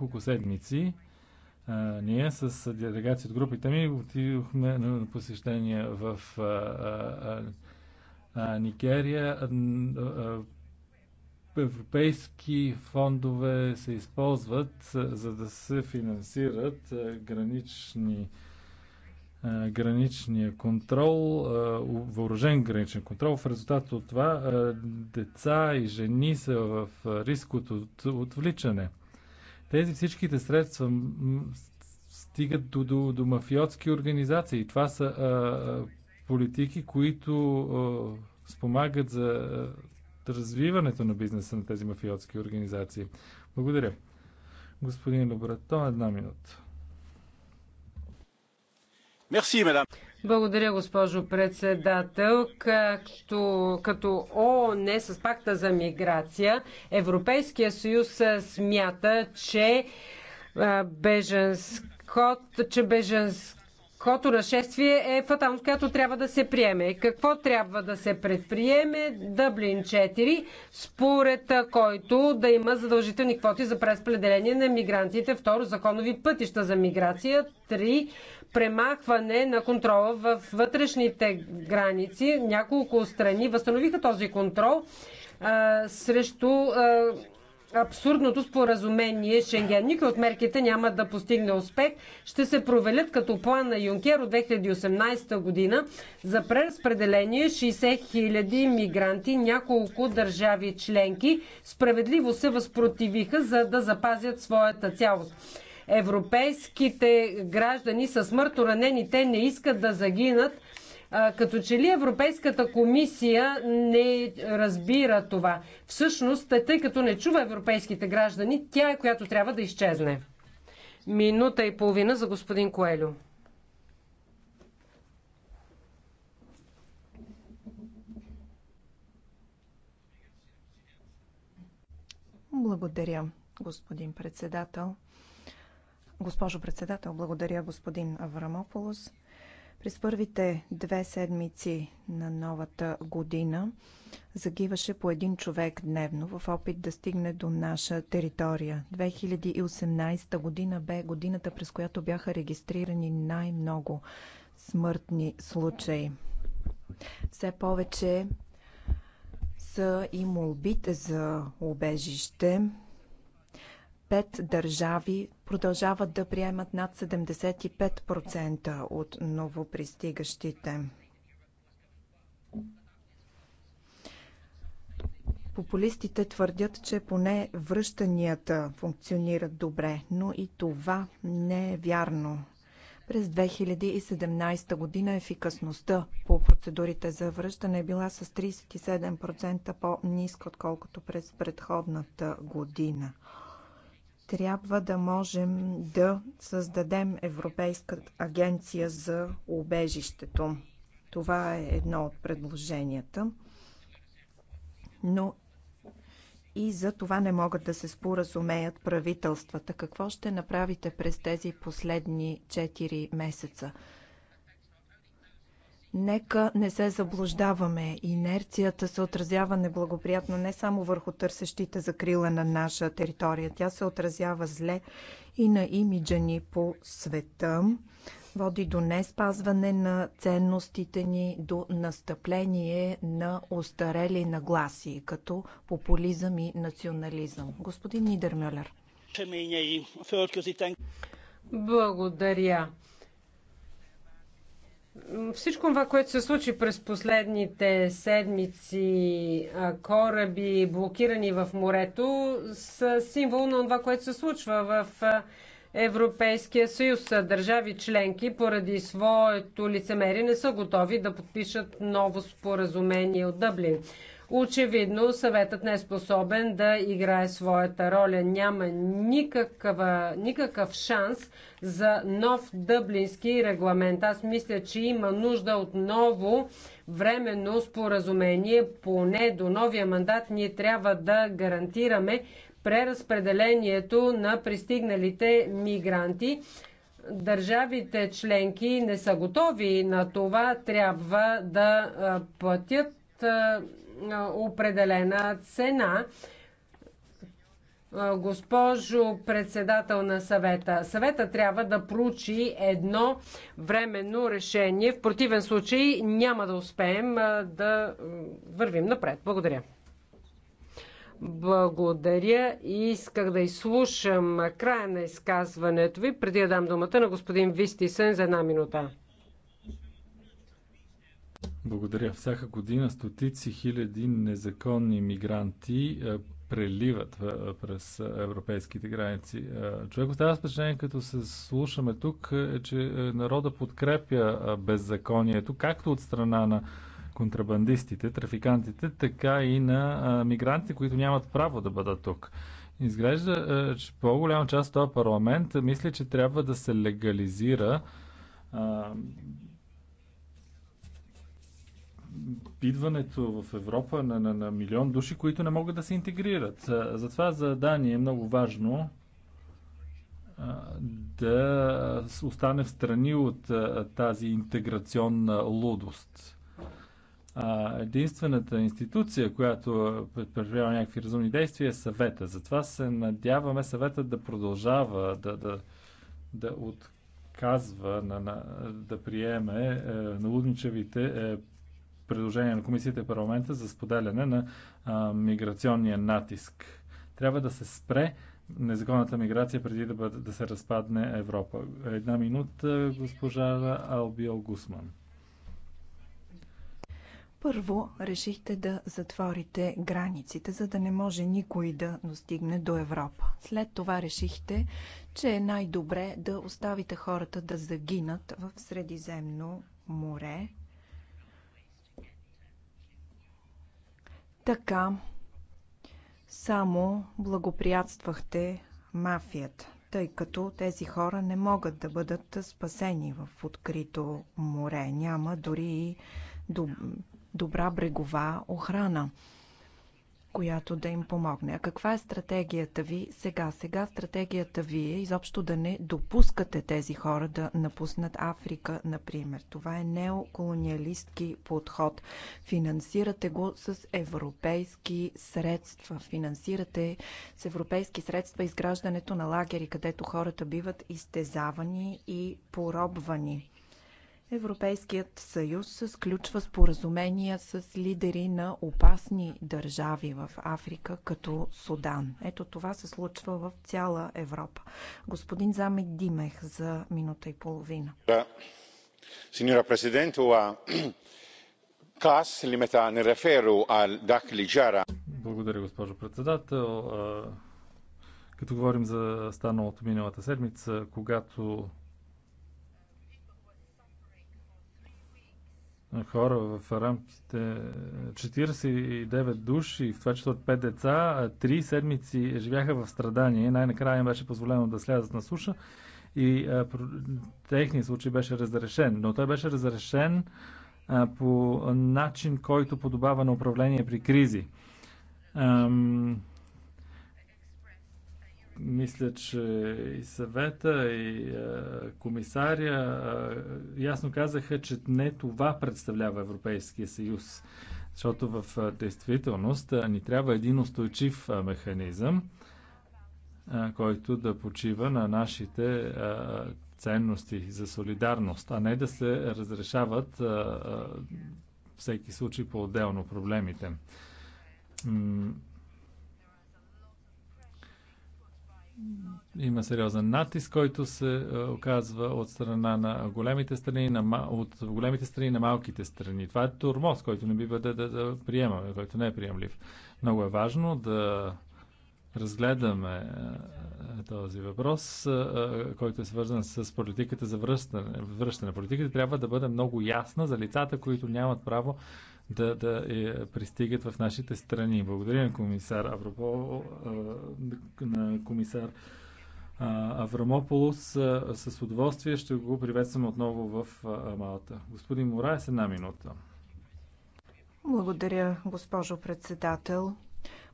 няколко седмици а, ние с делегация от групите ми отидохме на посещение в а, а, а, Никерия. европейски фондове се използват за да се финансират гранични граничния контрол, въоръжен граничен контрол. В резултат от това деца и жени са в риск от отвличане. Тези всичките средства стигат до, до, до мафиотски организации. Това са а, а политики, които а, спомагат за а, развиването на бизнеса на тези мафиотски организации. Благодаря. Господин Лебратон, една минута. Мерси, мадам. Благодаря, госпожо председател. Както, като ООН с пакта за миграция, Европейския съюз смята, че беженскот, че беженск Кото нашествие е фаталност, която трябва да се приеме. Какво трябва да се предприеме? Дъблин 4, според който да има задължителни квоти за преразпределение на мигрантите. Второ, законови пътища за миграция. Три, премахване на контрола в вътрешните граници. Няколко страни възстановиха този контрол а, срещу а, абсурдното споразумение Шенген. Никой от мерките няма да постигне успех. Ще се провелят като план на Юнкер от 2018 година за преразпределение 60 000 мигранти. Няколко държави членки справедливо се възпротивиха, за да запазят своята цялост. Европейските граждани са смъртно ранени. Те не искат да загинат като че ли Европейската комисия не разбира това. Всъщност, тъй като не чува европейските граждани, тя е която трябва да изчезне. Минута и половина за господин Коелю. Благодаря, господин председател. Госпожо председател, благодаря господин Аврамополос. През първите две седмици на новата година загиваше по един човек дневно в опит да стигне до наша територия. 2018 година бе годината, през която бяха регистрирани най-много смъртни случаи. Все повече са и молбите за убежище пет държави продължават да приемат над 75% от новопристигащите. Популистите твърдят, че поне връщанията функционират добре, но и това не е вярно. През 2017 година ефикасността по процедурите за връщане е била с 37% по-ниска, отколкото през предходната година трябва да можем да създадем Европейска агенция за убежището. Това е едно от предложенията. Но и за това не могат да се споразумеят правителствата. Какво ще направите през тези последни 4 месеца? Нека не се заблуждаваме. Инерцията се отразява неблагоприятно не само върху търсещите закрила на наша територия. Тя се отразява зле и на имиджа ни по света. Води до неспазване на ценностите ни, до настъпление на устарели нагласи, като популизъм и национализъм. Господин Нидермюлер. Благодаря всичко това, което се случи през последните седмици, кораби блокирани в морето, са символ на това, което се случва в Европейския съюз. Държави членки поради своето лицемерие не са готови да подпишат ново споразумение от Дъблин. Очевидно съветът не е способен да играе своята роля. Няма никаква, никакъв шанс за нов дъблински регламент. Аз мисля, че има нужда от ново временно споразумение. Поне до новия мандат ние трябва да гарантираме преразпределението на пристигналите мигранти държавите членки не са готови на това, трябва да платят определена цена. Госпожо председател на съвета, съвета трябва да проучи едно временно решение. В противен случай няма да успеем да вървим напред. Благодаря. Благодаря и исках да изслушам края на изказването ви, преди да дам думата на господин Вистисен за една минута. Благодаря. Всяка година стотици хиляди незаконни мигранти е, преливат е, през европейските граници. Е, човек остава впечатление, като се слушаме тук, е, че народа подкрепя беззаконието, както от страна на контрабандистите, трафикантите, така и на мигрантите, които нямат право да бъдат тук. Изглежда, че по-голяма част от този парламент мисли, че трябва да се легализира идването в Европа на, на, на милион души, които не могат да се интегрират. Затова за Дания е много важно да остане в страни от тази интеграционна лудост. Единствената институция, която предприема някакви разумни действия е съвета. Затова се надяваме съвета да продължава да, да, да отказва на, на, да приеме е, налудничавите е, предложение на Комисията и парламента за споделяне на а, миграционния натиск. Трябва да се спре незаконната миграция преди да, бъде, да се разпадне Европа. Една минута, госпожа Албио Гусман. Първо решихте да затворите границите, за да не може никой да достигне до Европа. След това решихте, че е най-добре да оставите хората да загинат в Средиземно море, Така само благоприятствахте мафията, тъй като тези хора не могат да бъдат спасени в открито море. Няма дори и добра брегова охрана която да им помогне. А каква е стратегията ви сега? Сега стратегията ви е изобщо да не допускате тези хора да напуснат Африка, например. Това е неоколониалистки подход. Финансирате го с европейски средства. Финансирате с европейски средства изграждането на лагери, където хората биват изтезавани и поробвани. Европейският съюз сключва споразумения с лидери на опасни държави в Африка, като Судан. Ето това се случва в цяла Европа. Господин Замек Димех за минута и половина. Благодаря, госпожо председател. Като говорим за станалото миналата седмица, когато хора в рамките 49 е, души, в това число 5 деца, 3 седмици живяха в страдание. Най-накрая им беше позволено да слязат на суша и е, техният техния случай беше разрешен. Но той беше разрешен а, е, по начин, който подобава на управление при кризи. Ам, мисля, че и съвета, и а, е, комисария а, е, ясно казаха, че не това представлява Европейския съюз. Защото в а, е, действителност а, ни трябва един устойчив а, механизъм, а, който да почива на нашите а, ценности за солидарност, а не да се разрешават а, а, всеки случай по-отделно проблемите има сериозен натиск, който се е, оказва от страна на големите страни, на, от големите страни на малките страни. Това е турмоз, който не бива да, да, да приемаме, който не е приемлив. Много е важно да разгледаме е, е, този въпрос, който е свързан с политиката за връщане. връщане. Политиката трябва да бъде много ясна за лицата, които нямат право да, да е, пристигат в нашите страни. Благодаря на комисар Авропол, а, на комисар Аврамополос. С удоволствие ще го приветствам отново в Малта. Господин Мораес, една минута. Благодаря, госпожо председател.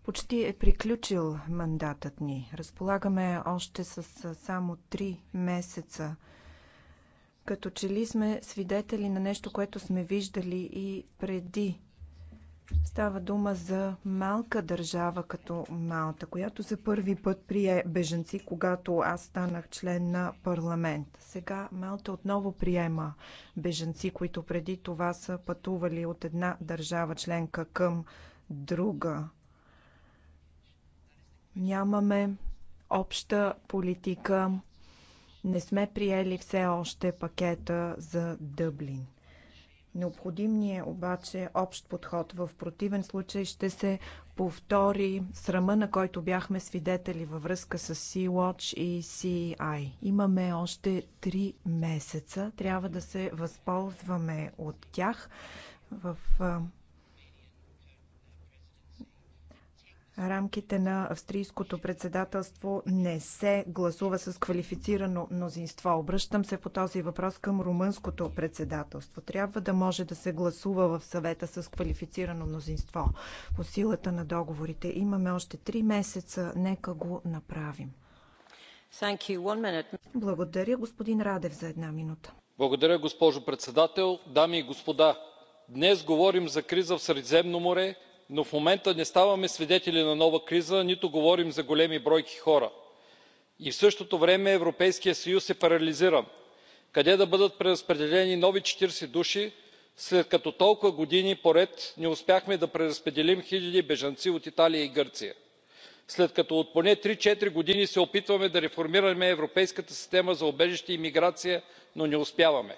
Почти е приключил мандатът ни. Разполагаме още с само три месеца като че ли сме свидетели на нещо, което сме виждали и преди. Става дума за малка държава като Малта, която за първи път прие беженци, когато аз станах член на парламент. Сега Малта отново приема беженци, които преди това са пътували от една държава членка към друга. Нямаме обща политика не сме приели все още пакета за Дъблин. Необходим ни е обаче общ подход. В противен случай ще се повтори срама, на който бяхме свидетели във връзка с Sea-Watch и CI. Имаме още три месеца. Трябва да се възползваме от тях в рамките на австрийското председателство не се гласува с квалифицирано мнозинство. Обръщам се по този въпрос към румънското председателство. Трябва да може да се гласува в съвета с квалифицирано мнозинство по силата на договорите. Имаме още три месеца. Нека го направим. Благодаря, господин Радев, за една минута. Благодаря, госпожо председател. Дами и господа, днес говорим за криза в Средиземно море, но в момента не ставаме свидетели на нова криза нито говорим за големи бройки хора. и в същото време европейският съюз е парализиран. къде да бъдат преразпределени нови четиридесет души след като толкова години поред не успяхме да преразпределим хиляди бежанци от италия и гърция? след като от поне три четири години се опитваме да реформираме европейската система за убежище и миграция но не успяваме.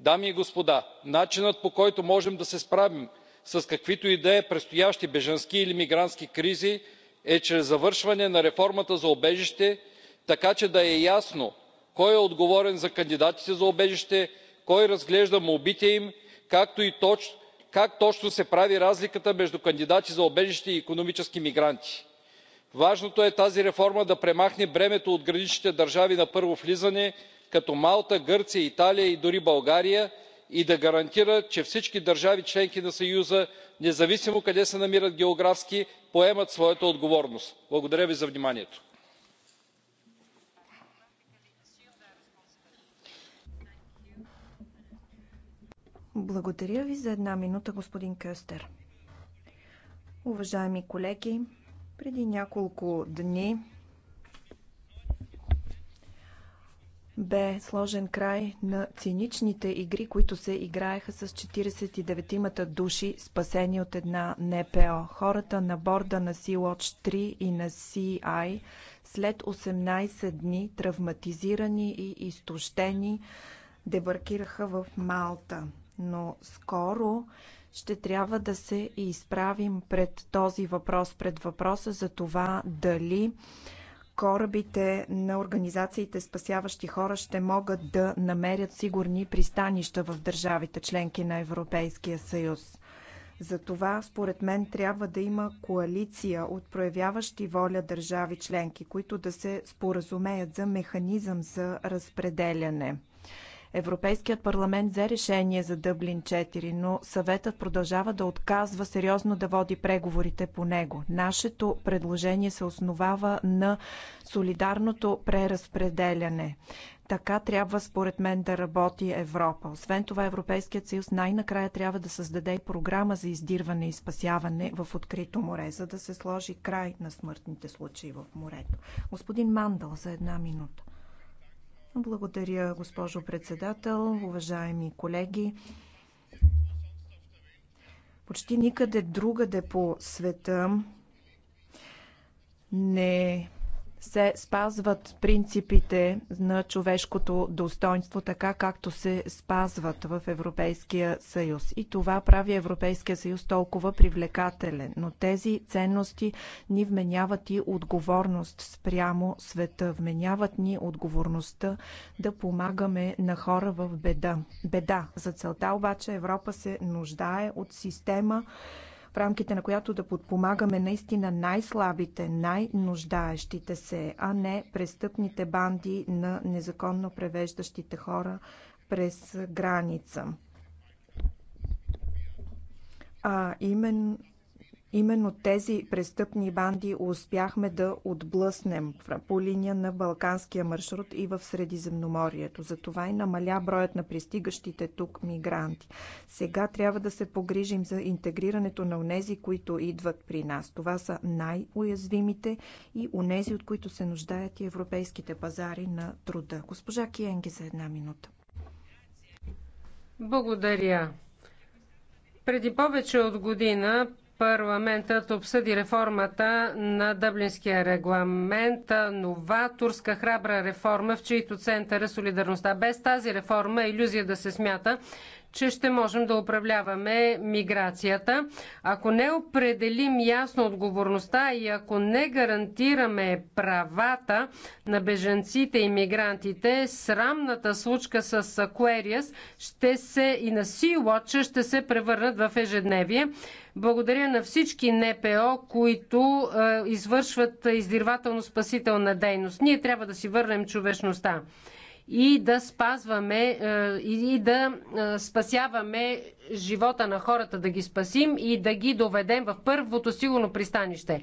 дами и господа начинът по който можем да се справим с каквито и да е предстоящи бежански или мигрантски кризи е чрез завършване на реформата за убежище така че да е ясно кой е отговорен за кандидатите за убежище кой разглежда молбите им както и как точно се прави разликата между кандидати за убежище и икономически мигранти. важното е тази реформа да премахне бремето от граничните държави на първо влизане като малта гърция италия и дори българя и да гарантира че всички държави членки на съюза независимо къде се намират географски поемат своята отговорност. благодаря ви за вниманието. Благодаря ви за една минута, господин Уважаеми колеги, преди няколко дни бе сложен край на циничните игри, които се играеха с 49-мата души, спасени от една НПО. Хората на борда на Sea-Watch 3 и на CI след 18 дни, травматизирани и изтощени, дебаркираха в Малта. Но скоро ще трябва да се изправим пред този въпрос, пред въпроса за това дали корабите на организациите спасяващи хора ще могат да намерят сигурни пристанища в държавите членки на Европейския съюз. Затова, според мен, трябва да има коалиция от проявяващи воля държави членки, които да се споразумеят за механизъм за разпределяне. Европейският парламент взе решение за Дъблин 4, но съветът продължава да отказва сериозно да води преговорите по него. Нашето предложение се основава на солидарното преразпределяне. Така трябва според мен да работи Европа. Освен това Европейският съюз най-накрая трябва да създаде и програма за издирване и спасяване в открито море, за да се сложи край на смъртните случаи в морето. Господин Мандал за една минута. Благодаря, госпожо председател, уважаеми колеги. Почти никъде другаде по света не се спазват принципите на човешкото достоинство, така както се спазват в Европейския съюз. И това прави Европейския съюз толкова привлекателен. Но тези ценности ни вменяват и отговорност спрямо света. Вменяват ни отговорността да помагаме на хора в беда. Беда. За целта обаче Европа се нуждае от система, в рамките на която да подпомагаме наистина най-слабите, най-нуждаещите се, а не престъпните банди на незаконно превеждащите хора през граница. А именно Именно тези престъпни банди успяхме да отблъснем по линия на Балканския маршрут и в Средиземноморието. Затова и намаля броят на пристигащите тук мигранти. Сега трябва да се погрижим за интегрирането на унези, които идват при нас. Това са най-уязвимите и унези, от които се нуждаят и европейските пазари на труда. Госпожа Киенги за една минута. Благодаря. Преди повече от година Парламентът обсъди реформата на Дъблинския регламент, новаторска храбра реформа, в чийто център е солидарността. Без тази реформа е иллюзия да се смята, че ще можем да управляваме миграцията. Ако не определим ясно отговорността и ако не гарантираме правата на беженците и мигрантите, срамната случка с Акуериас ще се и на Sea-Watch ще се превърнат в ежедневие. Благодаря на всички НПО, които е, извършват издирвателно-спасителна дейност. Ние трябва да си върнем човечността и да спазваме е, и да е, спасяваме живота на хората, да ги спасим и да ги доведем в първото сигурно пристанище.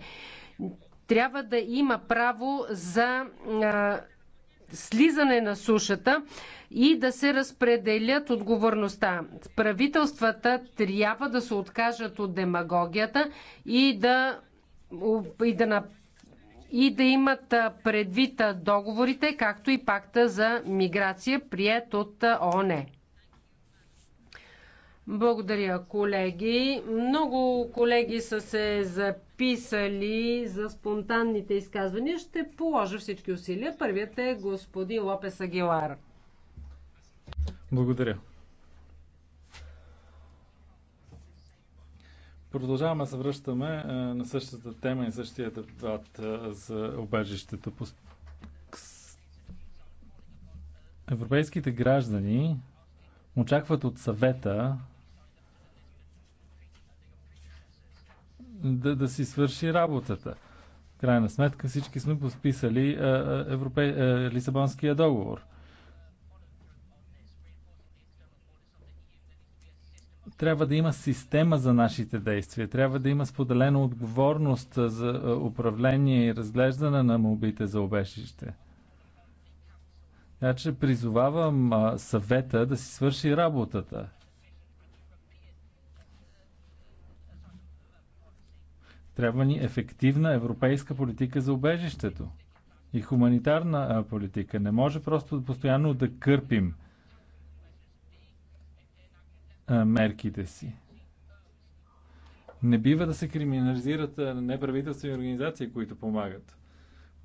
Трябва да има право за е, слизане на сушата и да се разпределят отговорността. Правителствата трябва да се откажат от демагогията и да, и да и да имат предвид договорите, както и пакта за миграция, прият от ООН. Благодаря, колеги. Много колеги са се записали за спонтанните изказвания. Ще положа всички усилия. Първият е господин Лопес Агилар. Благодаря. Продължаваме да се връщаме е, на същата тема и същия дебат е, за обежището. Европейските граждани очакват от съвета да, да си свърши работата. В крайна сметка всички сме подписали е, европе... Лисабонския договор. Трябва да има система за нашите действия, трябва да има споделена отговорност за е, управление и разглеждане на молбите за обещище. Така значи, че призовавам съвета да си свърши работата. Трябва ни ефективна европейска политика за обежището и хуманитарна политика. Не може просто постоянно да кърпим мерките си. Не бива да се криминализират неправителствени организации, които помагат.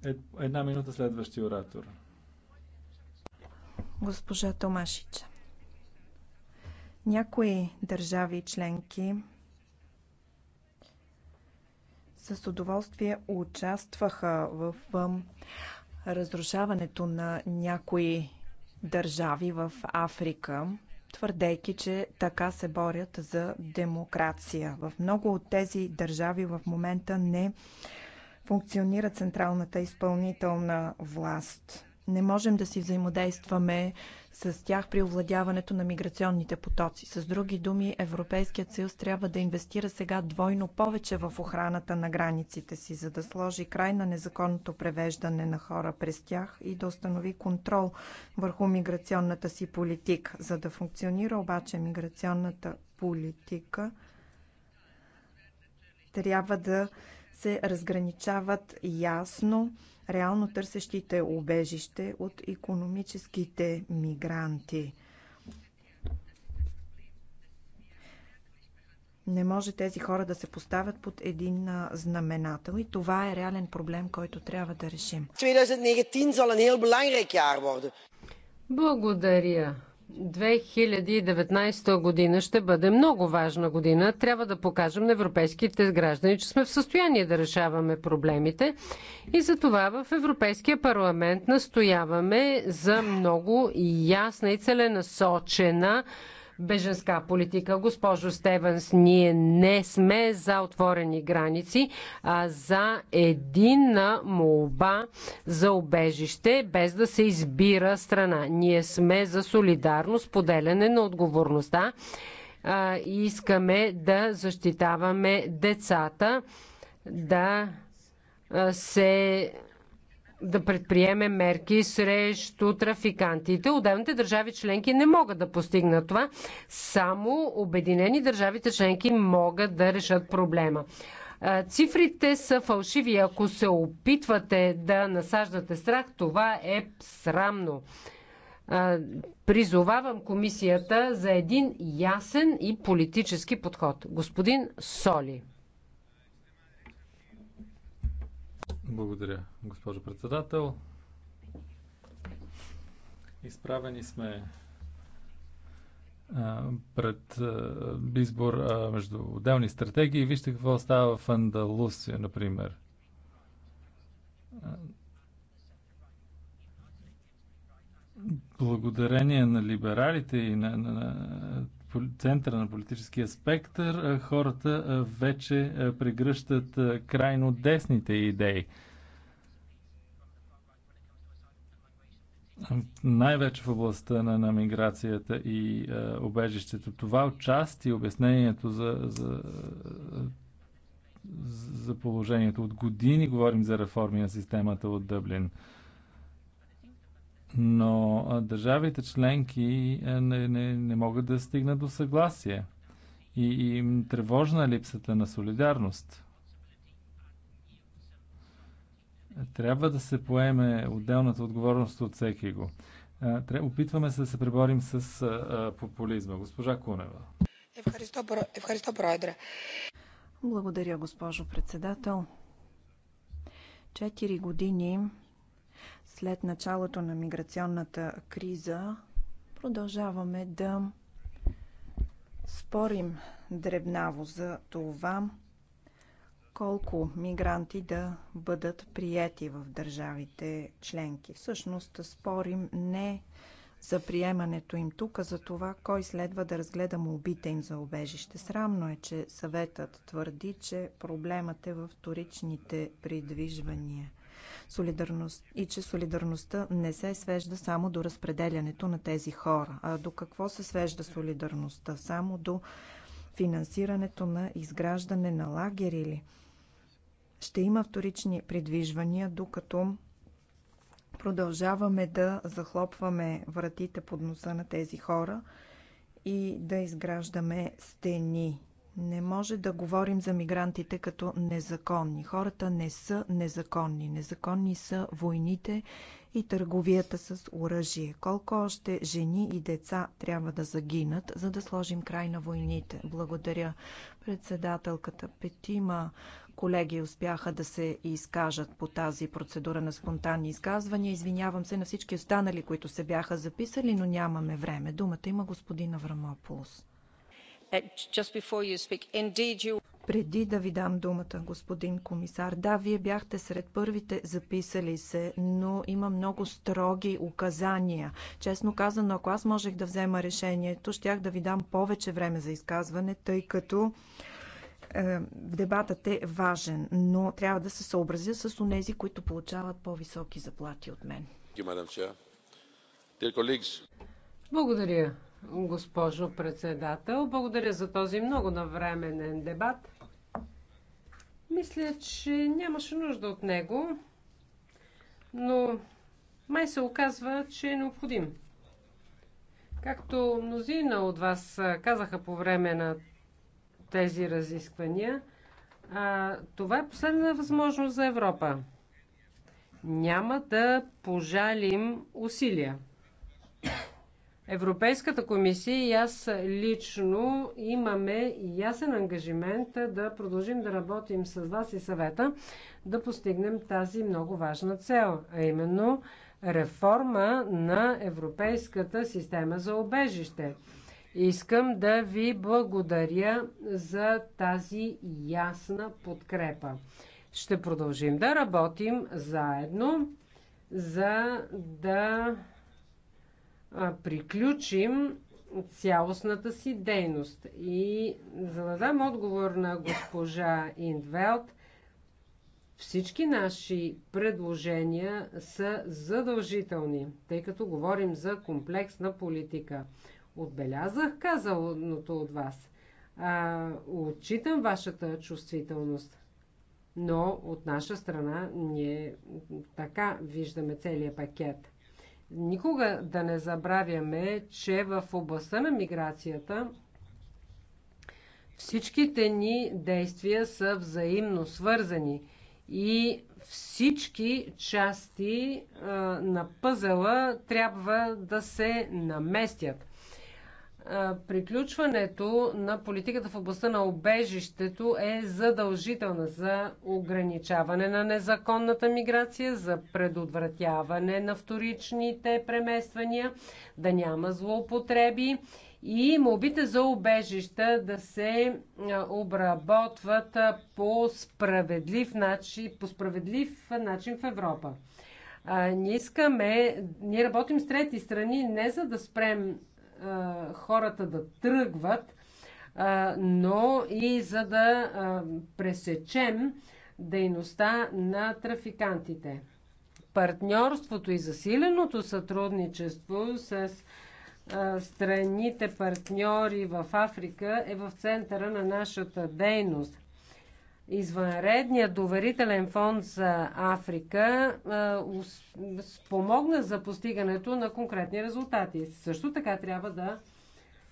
Е, една минута следващия оратор. Госпожа Томашич. Някои държави членки с удоволствие участваха в разрушаването на някои държави в Африка твърдейки, че така се борят за демокрация. В много от тези държави в момента не функционира централната изпълнителна власт. Не можем да си взаимодействаме с тях при овладяването на миграционните потоци. С други думи, Европейският съюз трябва да инвестира сега двойно повече в охраната на границите си, за да сложи край на незаконното превеждане на хора през тях и да установи контрол върху миграционната си политика. За да функционира обаче миграционната политика, трябва да се разграничават ясно реално търсещите убежище от икономическите мигранти. Не може тези хора да се поставят под един знаменател и това е реален проблем, който трябва да решим. 2019 zal een heel belangrijk jaar Благодаря. 2019 година ще бъде много важна година. Трябва да покажем на европейските граждани, че сме в състояние да решаваме проблемите. И за това в Европейския парламент настояваме за много ясна и целенасочена беженска политика. Госпожо Стевенс, ние не сме за отворени граници, а за единна молба за обежище, без да се избира страна. Ние сме за солидарност, поделяне на отговорността и искаме да защитаваме децата, да се да предприеме мерки срещу трафикантите. Отделните държави членки не могат да постигнат това. Само обединени държавите членки могат да решат проблема. Цифрите са фалшиви. Ако се опитвате да насаждате страх, това е срамно. Призовавам комисията за един ясен и политически подход. Господин Соли. Благодаря, госпожо председател. Изправени сме пред избор между отделни стратегии. Вижте какво става в Андалусия, например. Благодарение на либералите и на, на, на центъра на политическия спектър, хората вече прегръщат крайно десните идеи. най-вече в областта на, на миграцията и е, обежището. Това отчасти е обяснението за, за, за положението. От години говорим за реформи на системата от Дъблин. Е, но държавите членки не, не, не могат да стигнат до съгласие. И, и тревожна е липсата на солидарност. Трябва да се поеме отделната отговорност от всеки го. Опитваме се да се преборим с популизма. Госпожа Кунева. Благодаря, госпожо председател. Четири години след началото на миграционната криза продължаваме да спорим дребнаво за това колко мигранти да бъдат приети в държавите членки. Всъщност спорим не за приемането им тук, а за това кой следва да разгледа молбите им за обежище. Срамно е, че съветът твърди, че проблемът е в вторичните придвижвания солидарност, и че солидарността не се свежда само до разпределянето на тези хора. А до какво се свежда солидарността? Само до финансирането на изграждане на лагери ли? Ще има вторични придвижвания, докато продължаваме да захлопваме вратите под носа на тези хора и да изграждаме стени не може да говорим за мигрантите като незаконни. Хората не са незаконни. Незаконни са войните и търговията с оръжие. Колко още жени и деца трябва да загинат, за да сложим край на войните? Благодаря председателката. Петима колеги успяха да се изкажат по тази процедура на спонтанни изказвания. Извинявам се на всички останали, които се бяха записали, но нямаме време. Думата има господин Аврамополос. Преди да ви дам думата, господин комисар, да, вие бяхте сред първите записали се, но има много строги указания. Честно казано, ако аз можех да взема решението, щях да ви дам повече време за изказване, тъй като е, дебатът е важен, но трябва да се съобразя с онези, които получават по-високи заплати от мен. Благодаря, госпожо председател. Благодаря за този много навременен дебат. Мисля, че нямаше нужда от него, но май се оказва, че е необходим. Както мнозина от вас казаха по време на тези разисквания, а, това е последна възможност за Европа. Няма да пожалим усилия. Европейската комисия и аз лично имаме ясен ангажимент да продължим да работим с вас и съвета да постигнем тази много важна цел, а именно реформа на Европейската система за обежище. Искам да ви благодаря за тази ясна подкрепа. Ще продължим да работим заедно, за да приключим цялостната си дейност. И за да дам отговор на госпожа Индвелт, всички наши предложения са задължителни, тъй като говорим за комплексна политика. Отбелязах казаното от вас. А, отчитам вашата чувствителност. Но от наша страна ние така виждаме целият пакет – Никога да не забравяме, че в областта на миграцията всичките ни действия са взаимно свързани и всички части а, на пъзела трябва да се наместят приключването на политиката в областта на обежището е задължителна за ограничаване на незаконната миграция, за предотвратяване на вторичните премествания, да няма злоупотреби и молбите за обежища да се обработват по справедлив начин, по справедлив начин в Европа. ние искаме, ние работим с трети страни не за да спрем хората да тръгват, но и за да пресечем дейността на трафикантите. Партньорството и засиленото сътрудничество с страните партньори в Африка е в центъра на нашата дейност. Извънредният доверителен фонд за Африка спомогна за постигането на конкретни резултати. Също така трябва да,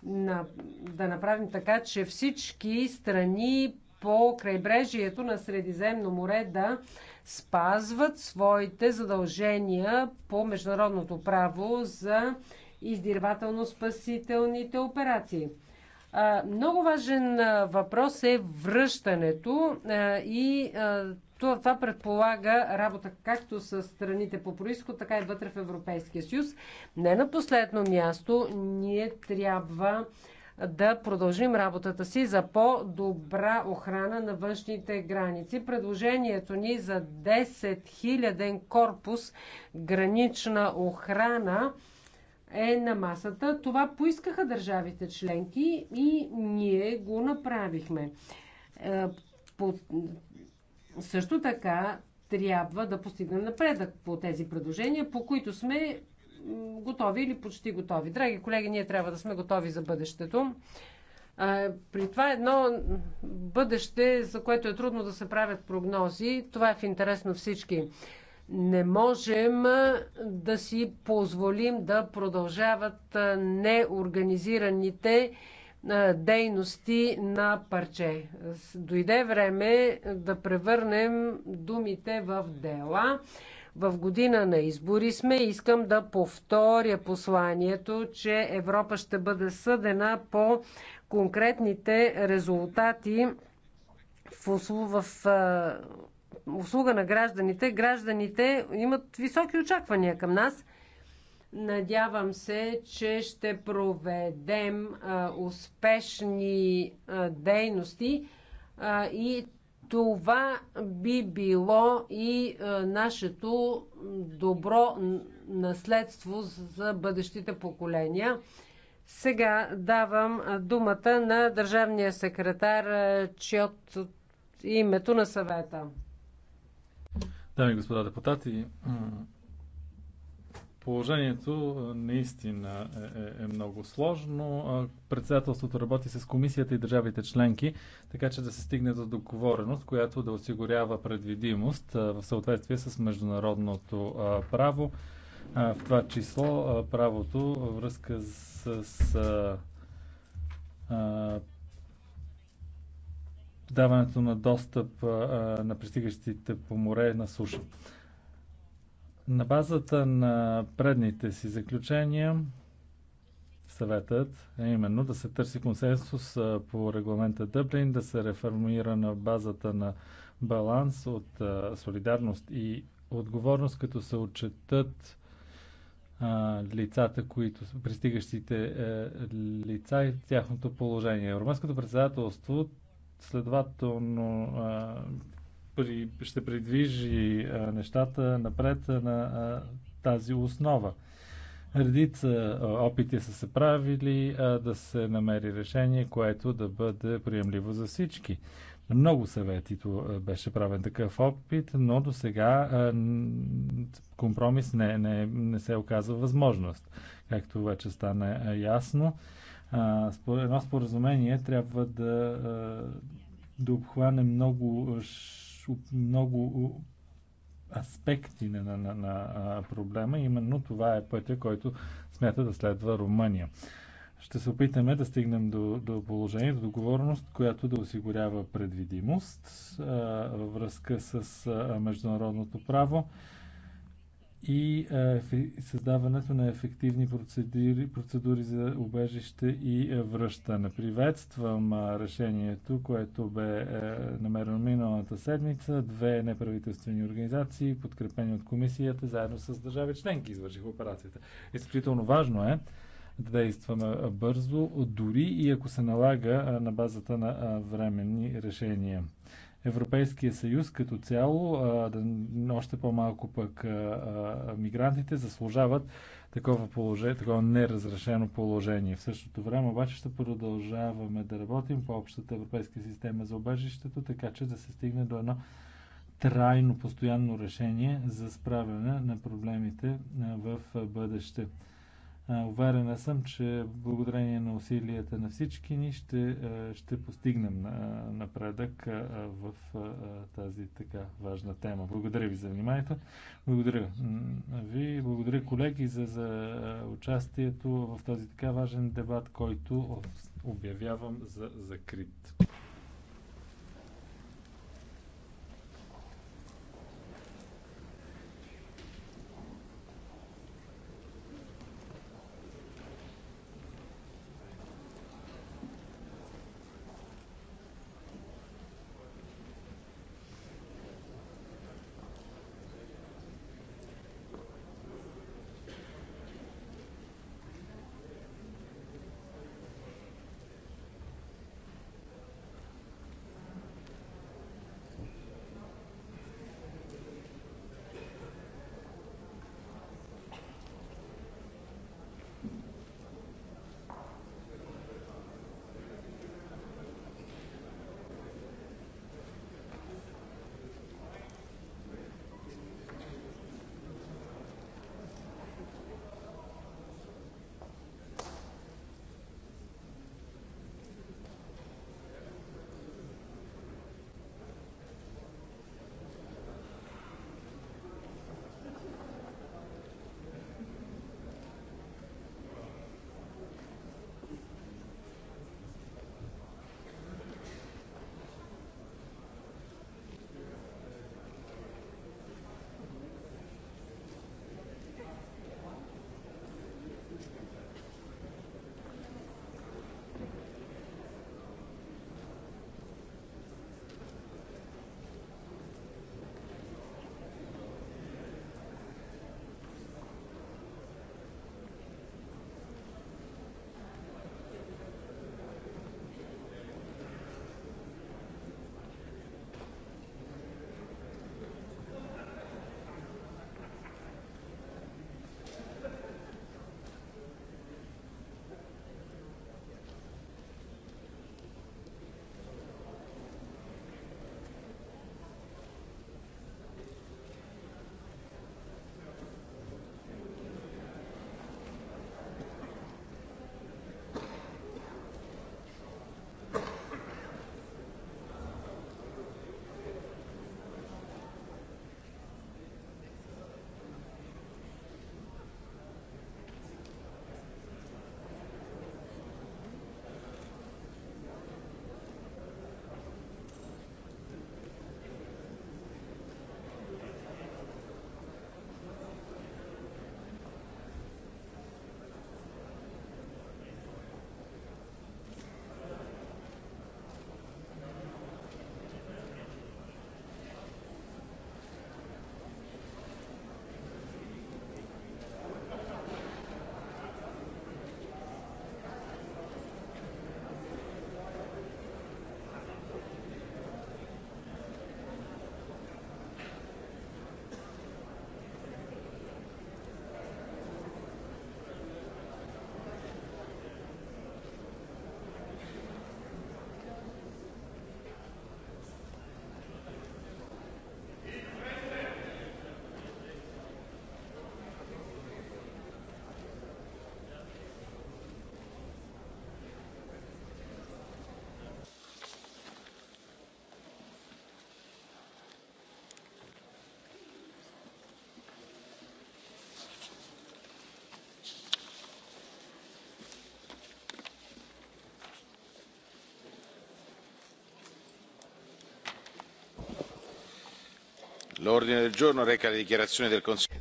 на, да направим така, че всички страни по крайбрежието на Средиземно море да спазват своите задължения по международното право за издирвателно-спасителните операции. Много важен въпрос е връщането и това предполага работа както с страните по происход, така и вътре в Европейския съюз. Не на последно място, ние трябва да продължим работата си за по-добра охрана на външните граници. Предложението ни за 10 000 корпус гранична охрана е на масата. Това поискаха държавите членки и ние го направихме. Е, по... Също така трябва да постигнем напредък по тези предложения, по които сме готови или почти готови. Драги колеги, ние трябва да сме готови за бъдещето. Е, при това едно бъдеще, за което е трудно да се правят прогнози, това е в интерес на всички. Не можем да си позволим да продължават неорганизираните дейности на парче. Дойде време да превърнем думите в дела. В година на избори сме. Искам да повторя посланието, че Европа ще бъде съдена по конкретните резултати в, в услуга на гражданите. Гражданите имат високи очаквания към нас. Надявам се, че ще проведем а, успешни а, дейности а, и това би било и а, нашето добро наследство за бъдещите поколения. Сега давам думата на държавния секретар Чиот името на съвета. Дами и господа депутати, положението наистина е, е, е много сложно. Председателството работи с комисията и държавите членки, така че да се стигне до договореност, която да осигурява предвидимост в съответствие с международното право, в това число правото във връзка с, с даването на достъп на пристигащите по море на суша. На базата на предните си заключения, съветът е именно да се търси консенсус по регламента Дъблин, да се реформира на базата на баланс от солидарност и отговорност, като се отчетат лицата, които пристигащите е, лица и тяхното положение. Румънското председателство следователно при, ще придвижи нещата напред на тази основа. Редица опити са се правили да се намери решение, което да бъде приемливо за всички. Много съвети беше правен такъв опит, но до сега компромис не, не, не се е оказва възможност, както вече стана ясно едно споразумение трябва да, да обхване много, много аспекти на, на, на, на проблема. Именно това е пътя, който смята да следва Румъния. Ще се опитаме да стигнем до, до положение, до договорност, която да осигурява предвидимост а, във връзка с а, международното право и създаването на ефективни процедури, процедури за убежище и връщане. Приветствам решението, което бе е, намерено миналата седмица. Две неправителствени организации, подкрепени от комисията, заедно с държави членки, извършиха операцията. Изключително важно е да действаме бързо, дори и ако се налага на базата на временни решения. Европейския съюз като цяло, а, още по-малко пък а, а, мигрантите заслужават такова, положение, такова неразрешено положение. В същото време обаче ще продължаваме да работим по общата европейска система за обежището, така че да се стигне до едно трайно, постоянно решение за справяне на проблемите в бъдеще. Уверена съм, че благодарение на усилията на всички ни ще, ще постигнем напредък в тази така важна тема. Благодаря ви за вниманието. Благодаря ви. Благодаря колеги за, за участието в този така важен дебат, който обявявам за закрит.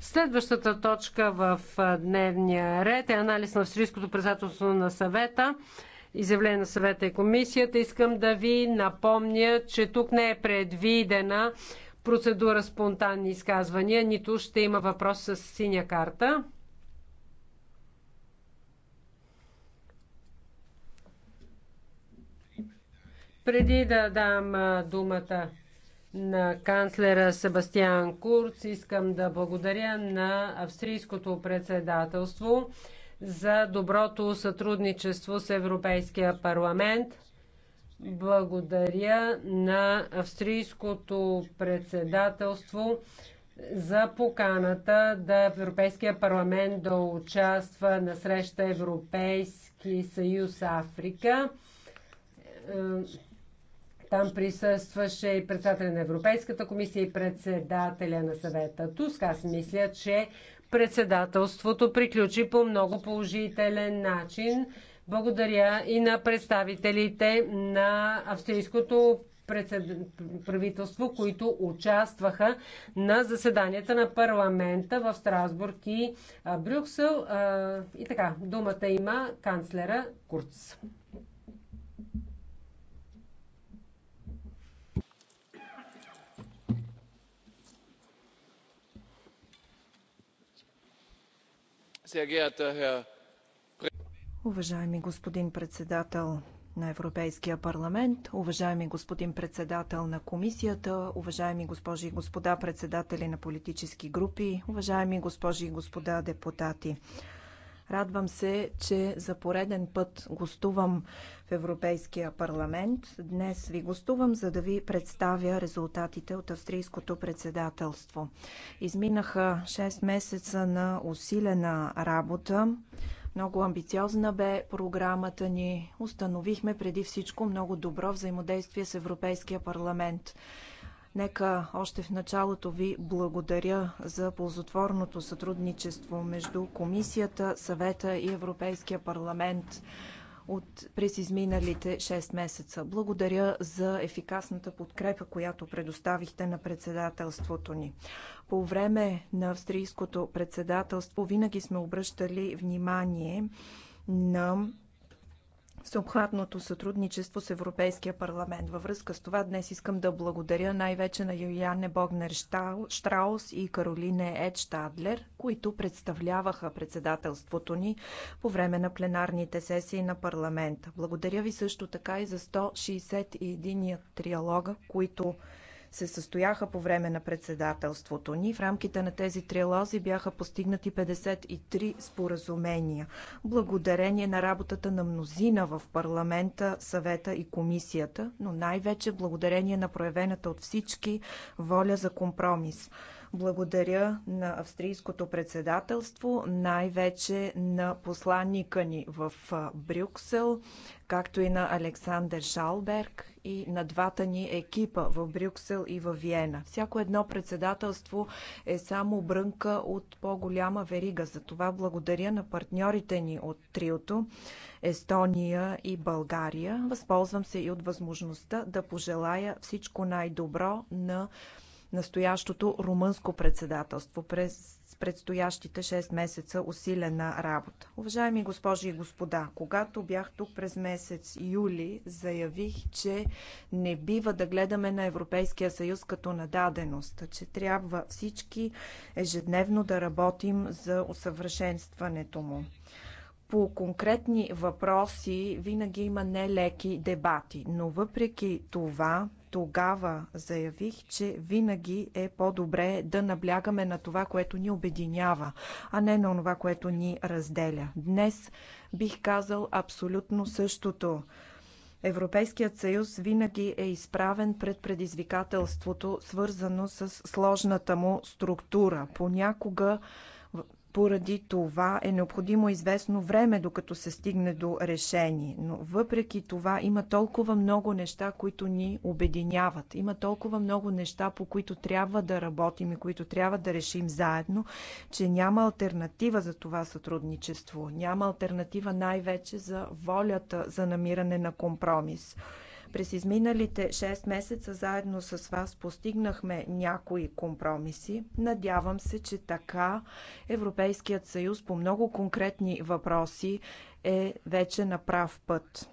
Следващата точка в дневния ред е анализ на австрийското председателство на съвета. Изявление на съвета и комисията. Искам да ви напомня, че тук не е предвидена процедура спонтанни изказвания, нито ще има въпрос с синя карта. Преди да дам думата на канцлера Себастиан Курц. Искам да благодаря на австрийското председателство за доброто сътрудничество с Европейския парламент. Благодаря на австрийското председателство за поканата да Европейския парламент да участва на среща Европейски съюз Африка там присъстваше и председателя на Европейската комисия и председателя на съвета Туск. Аз мисля, че председателството приключи по много положителен начин. Благодаря и на представителите на австрийското правителство, които участваха на заседанията на парламента в Страсбург и Брюксел. И така, думата има канцлера Курц. Уважаеми господин председател на Европейския парламент, уважаеми господин председател на комисията, уважаеми госпожи и господа председатели на политически групи, уважаеми госпожи и господа депутати. Радвам се, че за пореден път гостувам в Европейския парламент. Днес ви гостувам, за да ви представя резултатите от австрийското председателство. Изминаха 6 месеца на усилена работа. Много амбициозна бе програмата ни. Установихме преди всичко много добро взаимодействие с Европейския парламент. Нека още в началото ви благодаря за ползотворното сътрудничество между Комисията, Съвета и Европейския парламент от през изминалите 6 месеца. Благодаря за ефикасната подкрепа, която предоставихте на председателството ни. По време на австрийското председателство винаги сме обръщали внимание на всеобхватното сътрудничество с Европейския парламент. Във връзка с това днес искам да благодаря най-вече на Юлиане Богнер Штраус и Каролине Едштадлер, които представляваха председателството ни по време на пленарните сесии на парламента. Благодаря ви също така и за 161 триалога, които се състояха по време на председателството ни. В рамките на тези триалози бяха постигнати 53 споразумения. Благодарение на работата на мнозина в парламента, съвета и комисията, но най-вече благодарение на проявената от всички воля за компромис. Благодаря на австрийското председателство, най-вече на посланника ни в Брюксел, както и на Александър Шалберг и на двата ни екипа в Брюксел и в Виена. Всяко едно председателство е само брънка от по-голяма верига. За това благодаря на партньорите ни от триото Естония и България. Възползвам се и от възможността да пожелая всичко най-добро на настоящото румънско председателство през с предстоящите 6 месеца усилена работа. Уважаеми госпожи и господа, когато бях тук през месец юли, заявих, че не бива да гледаме на Европейския съюз като на даденост, че трябва всички ежедневно да работим за усъвършенстването му по конкретни въпроси винаги има нелеки дебати, но въпреки това тогава заявих, че винаги е по-добре да наблягаме на това, което ни обединява, а не на това, което ни разделя. Днес бих казал абсолютно същото. Европейският съюз винаги е изправен пред предизвикателството, свързано с сложната му структура. Понякога поради това е необходимо известно време, докато се стигне до решение. Но въпреки това има толкова много неща, които ни обединяват. Има толкова много неща, по които трябва да работим и които трябва да решим заедно, че няма альтернатива за това сътрудничество. Няма альтернатива най-вече за волята за намиране на компромис. През изминалите 6 месеца заедно с вас постигнахме някои компромиси. Надявам се, че така Европейският съюз по много конкретни въпроси е вече на прав път.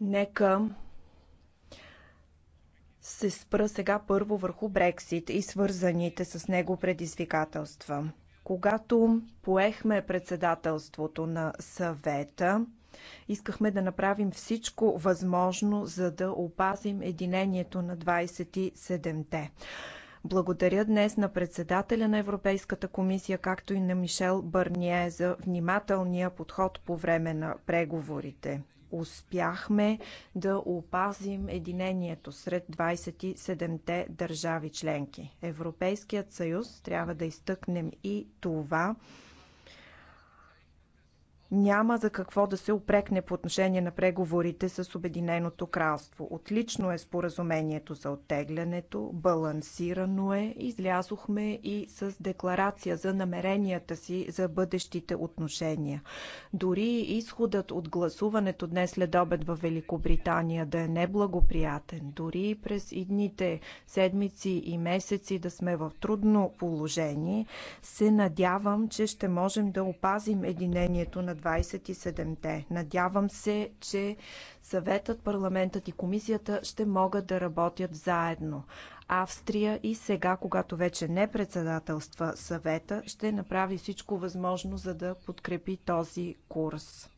Нека се спра сега първо върху Брексит и свързаните с него предизвикателства. Когато поехме председателството на съвета, искахме да направим всичко възможно, за да опазим единението на 27-те. Благодаря днес на председателя на Европейската комисия, както и на Мишел Бърние за внимателния подход по време на преговорите успяхме да опазим единението сред 27-те държави членки. Европейският съюз трябва да изтъкнем и това, няма за какво да се упрекне по отношение на преговорите с Обединеното кралство. Отлично е споразумението за оттеглянето, балансирано е, излязохме и с декларация за намеренията си за бъдещите отношения. Дори изходът от гласуването днес след обед в Великобритания да е неблагоприятен, дори през идните седмици и месеци да сме в трудно положение, се надявам, че ще можем да опазим единението на 27-те. Надявам се, че съветът, парламентът и комисията ще могат да работят заедно. Австрия и сега, когато вече не председателства съвета, ще направи всичко възможно, за да подкрепи този курс.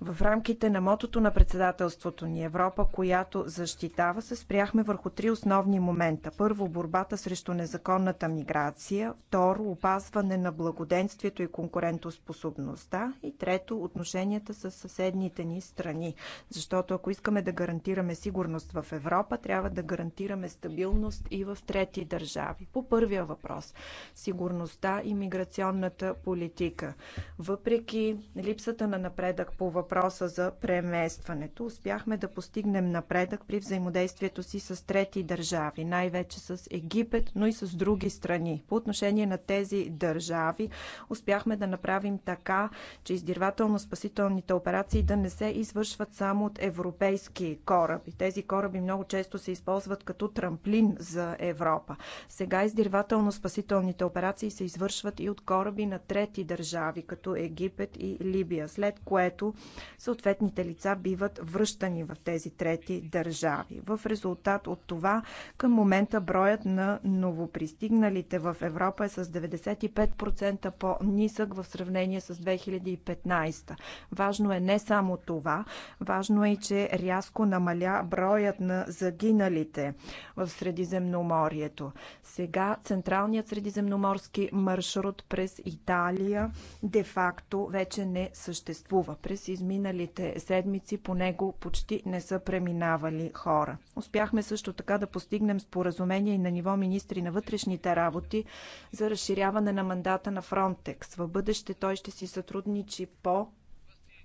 В рамките на мотото на председателството ни Европа, която защитава, се спряхме върху три основни момента. Първо, борбата срещу незаконната миграция. Второ, опазване на благоденствието и конкурентоспособността. И трето, отношенията с съседните ни страни. Защото ако искаме да гарантираме сигурност в Европа, трябва да гарантираме стабилност и в трети държави. По първия въпрос сигурността и миграционната политика. Въпреки липсата на напредък по въпроса, въпроса за преместването. Успяхме да постигнем напредък при взаимодействието си с трети държави, най-вече с Египет, но и с други страни. По отношение на тези държави успяхме да направим така, че издирвателно-спасителните операции да не се извършват само от европейски кораби. Тези кораби много често се използват като трамплин за Европа. Сега издирвателно-спасителните операции се извършват и от кораби на трети държави, като Египет и Либия, след което съответните лица биват връщани в тези трети държави. В резултат от това, към момента броят на новопристигналите в Европа е с 95% по-нисък в сравнение с 2015. Важно е не само това, важно е и, че рязко намаля броят на загиналите в Средиземноморието. Сега Централният средиземноморски маршрут през Италия де-факто вече не съществува. През изминалите седмици по него почти не са преминавали хора. Успяхме също така да постигнем споразумение и на ниво министри на вътрешните работи за разширяване на мандата на Фронтекс. В бъдеще той ще си сътрудничи по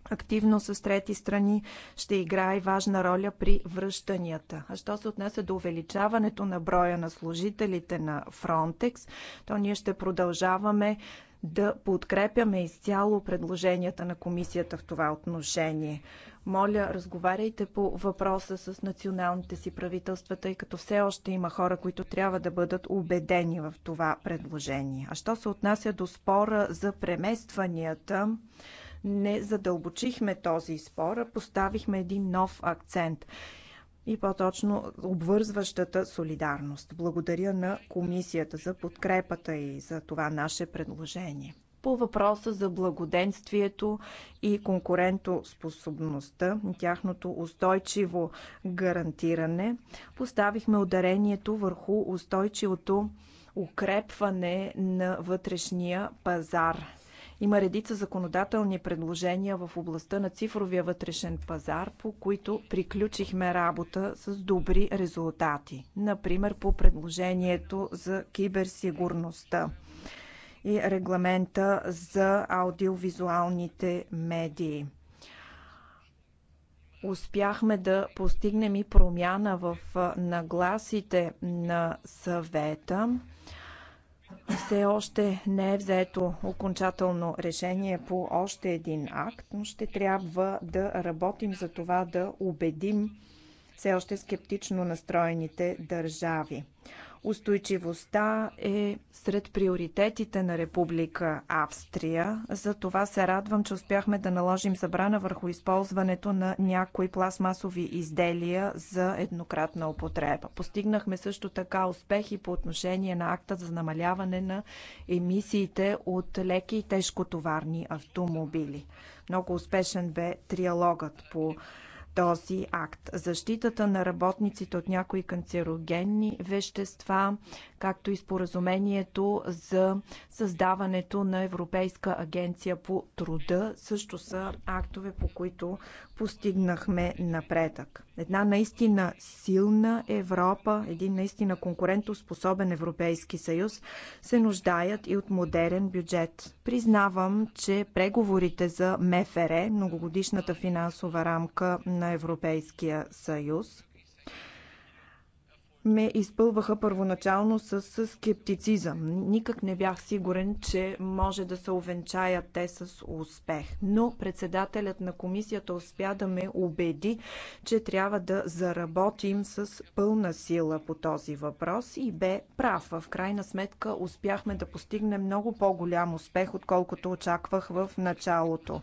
активно с трети страни ще играе важна роля при връщанията. А що се отнесе до увеличаването на броя на служителите на Frontex, то ние ще продължаваме да подкрепяме изцяло предложенията на комисията в това отношение. Моля, разговаряйте по въпроса с националните си правителства, тъй като все още има хора, които трябва да бъдат убедени в това предложение. А що се отнася до спора за преместванията, не задълбочихме този спор, а поставихме един нов акцент и по-точно обвързващата солидарност. Благодаря на комисията за подкрепата и за това наше предложение. По въпроса за благоденствието и конкурентоспособността, тяхното устойчиво гарантиране, поставихме ударението върху устойчивото укрепване на вътрешния пазар има редица законодателни предложения в областта на цифровия вътрешен пазар, по които приключихме работа с добри резултати. Например, по предложението за киберсигурността и регламента за аудиовизуалните медии успяхме да постигнем и промяна в нагласите на съвета все още не е взето окончателно решение по още един акт, но ще трябва да работим за това да убедим все още скептично настроените държави. Устойчивостта е сред приоритетите на Република Австрия. За това се радвам, че успяхме да наложим забрана върху използването на някои пластмасови изделия за еднократна употреба. Постигнахме също така успехи по отношение на акта за намаляване на емисиите от леки и тежкотоварни автомобили. Много успешен бе триалогът по този акт. Защитата на работниците от някои канцерогенни вещества, както и споразумението за създаването на Европейска агенция по труда, също са актове, по които постигнахме напредък. Една наистина силна Европа, един наистина конкурентоспособен Европейски съюз се нуждаят и от модерен бюджет. Признавам, че преговорите за МФР, многогодишната финансова рамка на Европейския съюз, ме изпълваха първоначално с, скептицизъм. Никак не бях сигурен, че може да се увенчаят те с успех. Но председателят на комисията успя да ме убеди, че трябва да заработим с пълна сила по този въпрос и бе прав. В крайна сметка успяхме да постигнем много по-голям успех, отколкото очаквах в началото.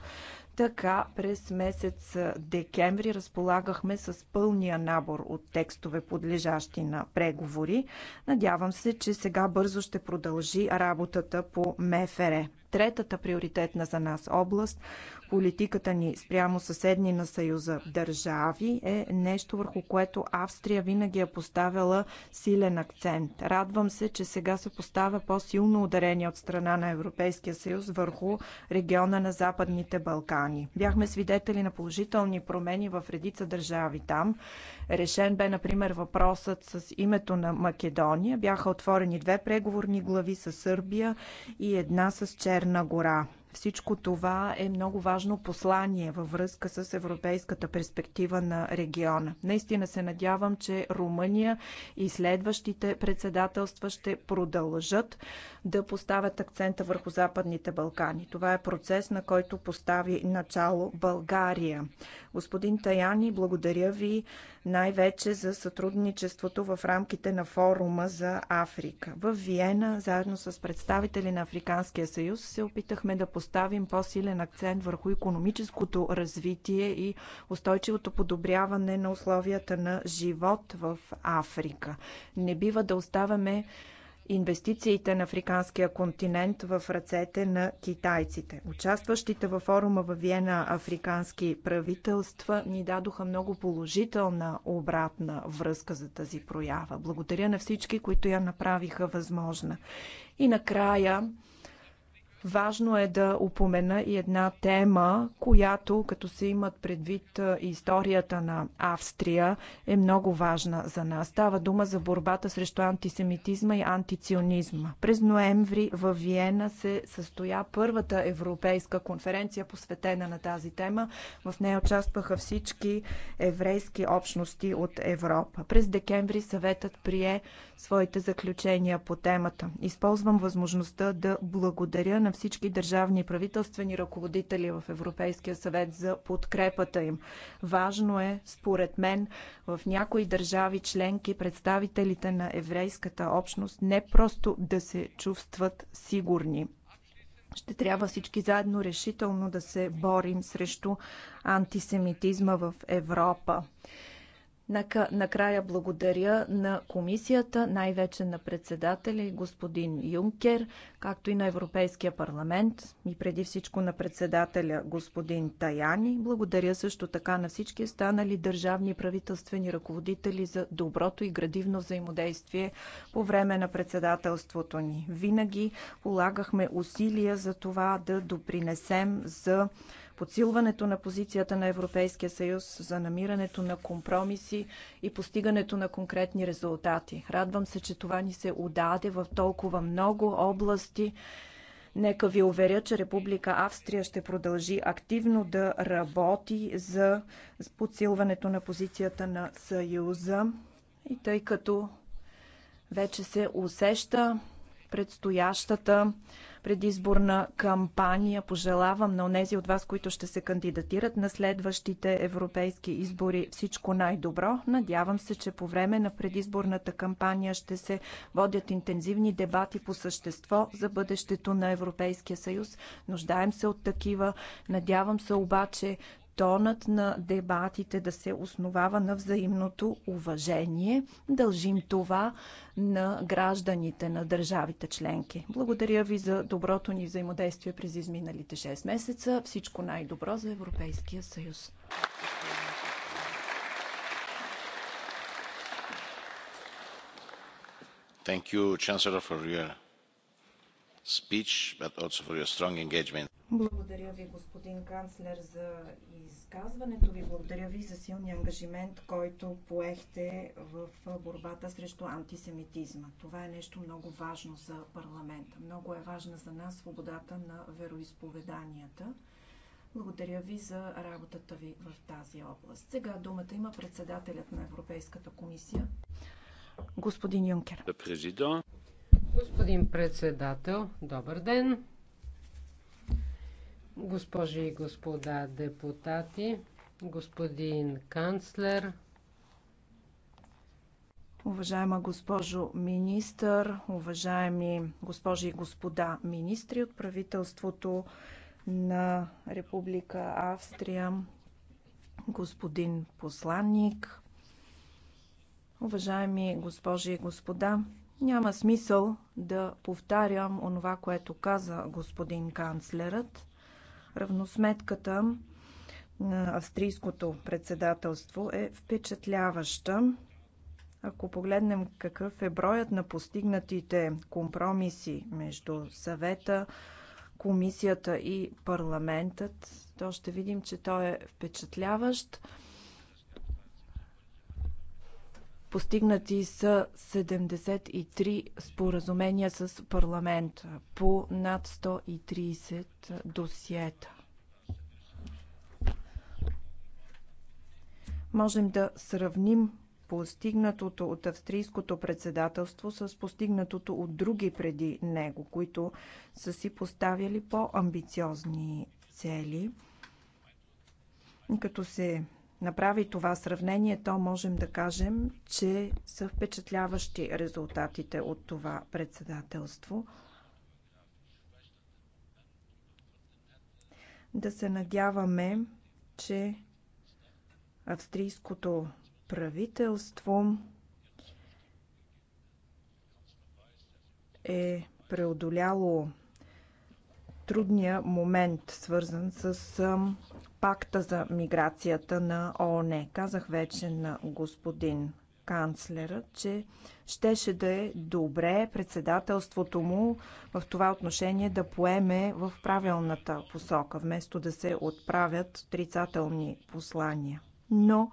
Така през месец декември разполагахме с пълния набор от текстове, подлежащи на преговори. Надявам се, че сега бързо ще продължи работата по МФР. Третата приоритетна за нас област политиката ни спрямо съседни на Съюза държави е нещо, върху което Австрия винаги е поставяла силен акцент. Радвам се, че сега се поставя по-силно ударение от страна на Европейския съюз върху региона на Западните Балкани. Бяхме свидетели на положителни промени в редица държави там. Решен бе, например, въпросът с името на Македония. Бяха отворени две преговорни глави с Сърбия и една с Черна гора. Всичко това е много важно послание във връзка с европейската перспектива на региона. Наистина се надявам, че Румъния и следващите председателства ще продължат да поставят акцента върху Западните Балкани. Това е процес, на който постави начало България. Господин Таяни, благодаря ви най-вече за сътрудничеството в рамките на форума за Африка. В Виена, заедно с представители на Африканския съюз, се опитахме да поставим по-силен акцент върху икономическото развитие и устойчивото подобряване на условията на живот в Африка. Не бива да оставяме инвестициите на африканския континент в ръцете на китайците. Участващите във форума във Виена африкански правителства ни дадоха много положителна обратна връзка за тази проява. Благодаря на всички, които я направиха възможна. И накрая Важно е да упомена и една тема, която, като се имат предвид историята на Австрия, е много важна за нас. Става дума за борбата срещу антисемитизма и антиционизма. През ноември в Виена се състоя първата европейска конференция, посветена на тази тема. В нея участваха всички еврейски общности от Европа. През декември съветът прие своите заключения по темата. Използвам възможността да благодаря на всички държавни и правителствени ръководители в Европейския съвет за подкрепата им. Важно е, според мен, в някои държави членки представителите на еврейската общност не просто да се чувстват сигурни, ще трябва всички заедно решително да се борим срещу антисемитизма в Европа. Накрая благодаря на комисията, най-вече на председателя и господин Юнкер, както и на Европейския парламент и преди всичко на председателя господин Таяни. Благодаря също така на всички останали държавни правителствени ръководители за доброто и градивно взаимодействие по време на председателството ни. Винаги полагахме усилия за това да допринесем за подсилването на позицията на Европейския съюз за намирането на компромиси и постигането на конкретни резултати. Радвам се, че това ни се удаде в толкова много области. Нека ви уверя, че Република Австрия ще продължи активно да работи за подсилването на позицията на Съюза. И тъй като вече се усеща предстоящата предизборна кампания. Пожелавам на онези от вас, които ще се кандидатират на следващите европейски избори всичко най-добро. Надявам се, че по време на предизборната кампания ще се водят интензивни дебати по същество за бъдещето на Европейския съюз. Нуждаем се от такива. Надявам се обаче тонът на дебатите да се основава на взаимното уважение. Дължим това на гражданите на държавите членки. Благодаря ви за доброто ни взаимодействие през изминалите 6 месеца. Всичко най-добро за Европейския съюз. Thank you, Chancellor, for your благодаря ви, господин канцлер, за изказването ви. Благодаря ви за силния ангажимент, който поехте в борбата срещу антисемитизма. Това е нещо много важно за парламента. Много е важна за нас свободата на вероисповеданията. Благодаря ви за работата ви в тази област. Сега думата има председателят на Европейската комисия, господин Юнкер. Господин председател, добър ден! Госпожи и господа депутати, господин канцлер, Уважаема госпожо министър, уважаеми госпожи и господа министри от правителството на Република Австрия, господин посланник, уважаеми госпожи и господа, няма смисъл да повтарям онова, което каза господин канцлерът. Равносметката на австрийското председателство е впечатляваща. Ако погледнем какъв е броят на постигнатите компромиси между съвета, комисията и парламентът, то ще видим, че той е впечатляващ. Постигнати са 73 споразумения с парламента по над 130 досиета. Можем да сравним постигнатото от австрийското председателство с постигнатото от други преди него, които са си поставили по-амбициозни цели. Като се направи това сравнение, то можем да кажем, че са впечатляващи резултатите от това председателство. Да се надяваме, че австрийското правителство е преодоляло трудния момент, свързан с пакта за миграцията на ООН. Казах вече на господин канцлера, че щеше да е добре председателството му в това отношение да поеме в правилната посока, вместо да се отправят отрицателни послания. Но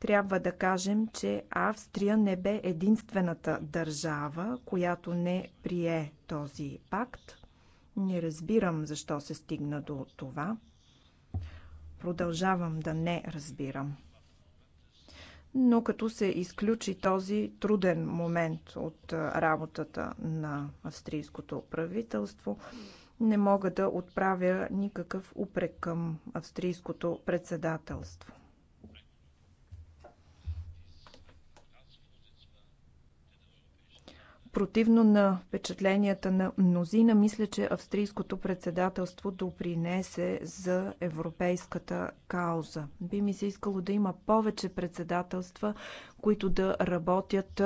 трябва да кажем, че Австрия не бе единствената държава, която не прие този пакт. Не разбирам защо се стигна до това. Продължавам да не разбирам. Но като се изключи този труден момент от работата на австрийското правителство, не мога да отправя никакъв упрек към австрийското председателство. Противно на впечатленията на мнозина, мисля, че австрийското председателство допринесе за европейската кауза. Би ми се искало да има повече председателства, които да работят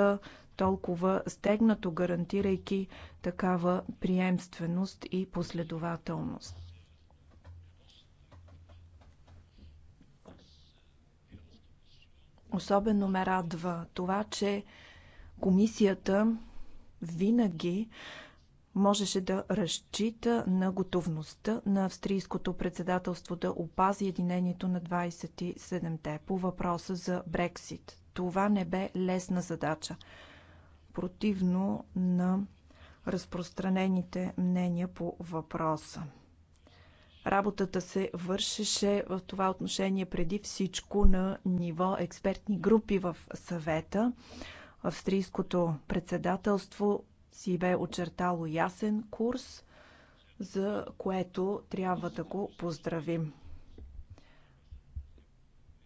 толкова стегнато, гарантирайки такава приемственост и последователност. Особено ме радва това, че комисията винаги можеше да разчита на готовността на австрийското председателство да опази единението на 27-те по въпроса за Брексит. Това не бе лесна задача. Противно на разпространените мнения по въпроса. Работата се вършеше в това отношение преди всичко на ниво експертни групи в съвета Австрийското председателство си бе очертало ясен курс, за което трябва да го поздравим.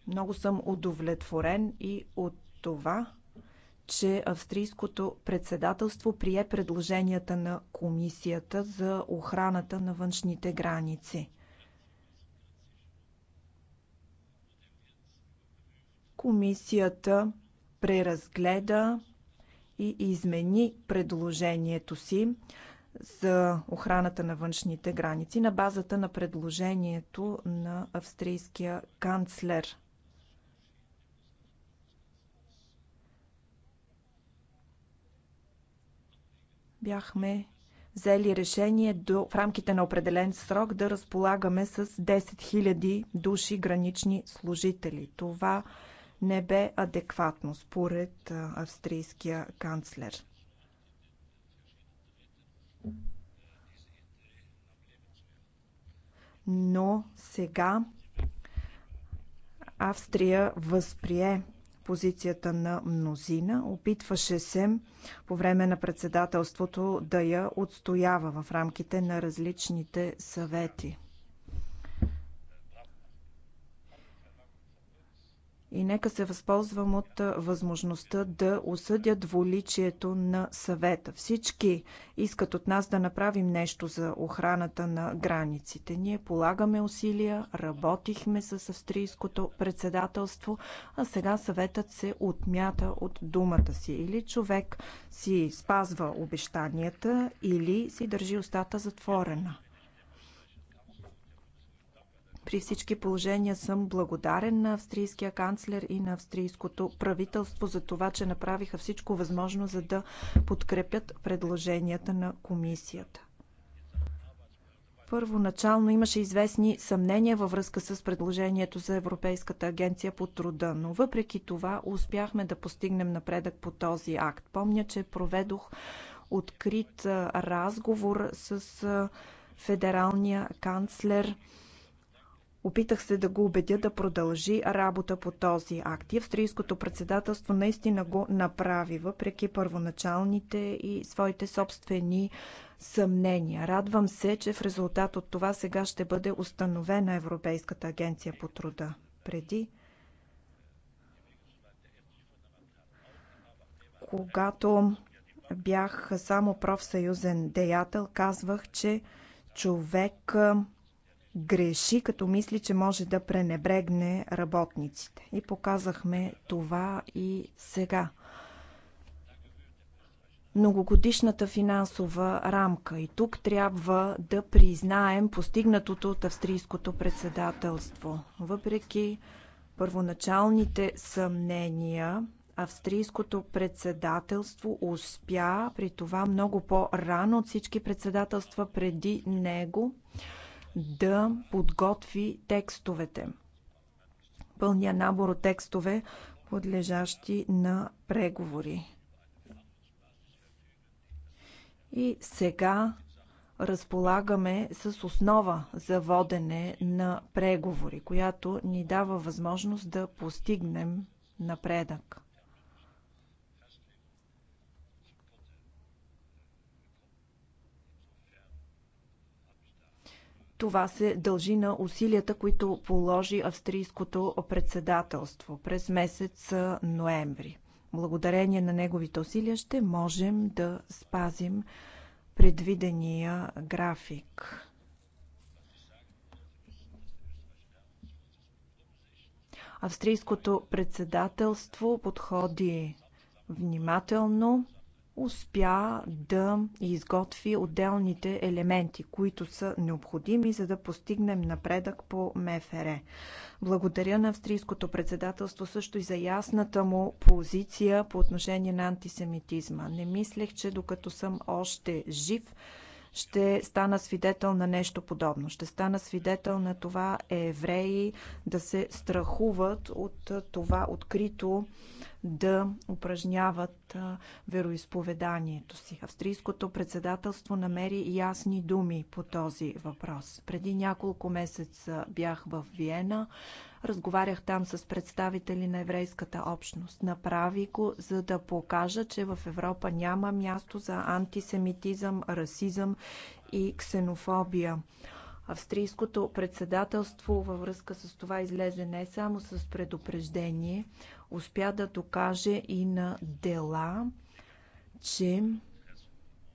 Много съм удовлетворен и от това, че австрийското председателство прие предложенията на комисията за охраната на външните граници. Комисията преразгледа и измени предложението си за охраната на външните граници на базата на предложението на австрийския канцлер. Бяхме взели решение до, в рамките на определен срок да разполагаме с 10 000 души гранични служители. Това е не бе адекватно според австрийския канцлер. Но сега Австрия възприе позицията на мнозина. Опитваше се по време на председателството да я отстоява в рамките на различните съвети. и нека се възползвам от възможността да осъдя дволичието на съвета. Всички искат от нас да направим нещо за охраната на границите. Ние полагаме усилия, работихме с австрийското председателство, а сега съветът се отмята от думата си. Или човек си спазва обещанията, или си държи устата затворена. При всички положения съм благодарен на австрийския канцлер и на австрийското правителство за това, че направиха всичко възможно, за да подкрепят предложенията на комисията. Първоначално имаше известни съмнения във връзка с предложението за Европейската агенция по труда, но въпреки това успяхме да постигнем напредък по този акт. Помня, че проведох открит разговор с федералния канцлер Опитах се да го убедя да продължи работа по този акт. И австрийското председателство наистина го направи, въпреки първоначалните и своите собствени съмнения. Радвам се, че в резултат от това сега ще бъде установена Европейската агенция по труда. Преди когато бях само профсъюзен деятел, казвах, че човек греши, като мисли, че може да пренебрегне работниците. И показахме това и сега. Многогодишната финансова рамка. И тук трябва да признаем постигнатото от австрийското председателство. Въпреки първоначалните съмнения, австрийското председателство успя при това много по-рано от всички председателства преди него да подготви текстовете. Пълния набор от текстове, подлежащи на преговори. И сега разполагаме с основа за водене на преговори, която ни дава възможност да постигнем напредък. Това се дължи на усилията, които положи австрийското председателство през месец ноември. Благодарение на неговите усилия ще можем да спазим предвидения график. Австрийското председателство подходи внимателно успя да изготви отделните елементи, които са необходими, за да постигнем напредък по МФР. Благодаря на австрийското председателство също и за ясната му позиция по отношение на антисемитизма. Не мислех, че докато съм още жив, ще стана свидетел на нещо подобно. Ще стана свидетел на това евреи да се страхуват от това открито да упражняват вероисповеданието си. Австрийското председателство намери ясни думи по този въпрос. Преди няколко месеца бях в Виена Разговарях там с представители на еврейската общност. Направи го, за да покажа, че в Европа няма място за антисемитизъм, расизъм и ксенофобия. Австрийското председателство във връзка с това излезе не само с предупреждение, успя да докаже и на дела, че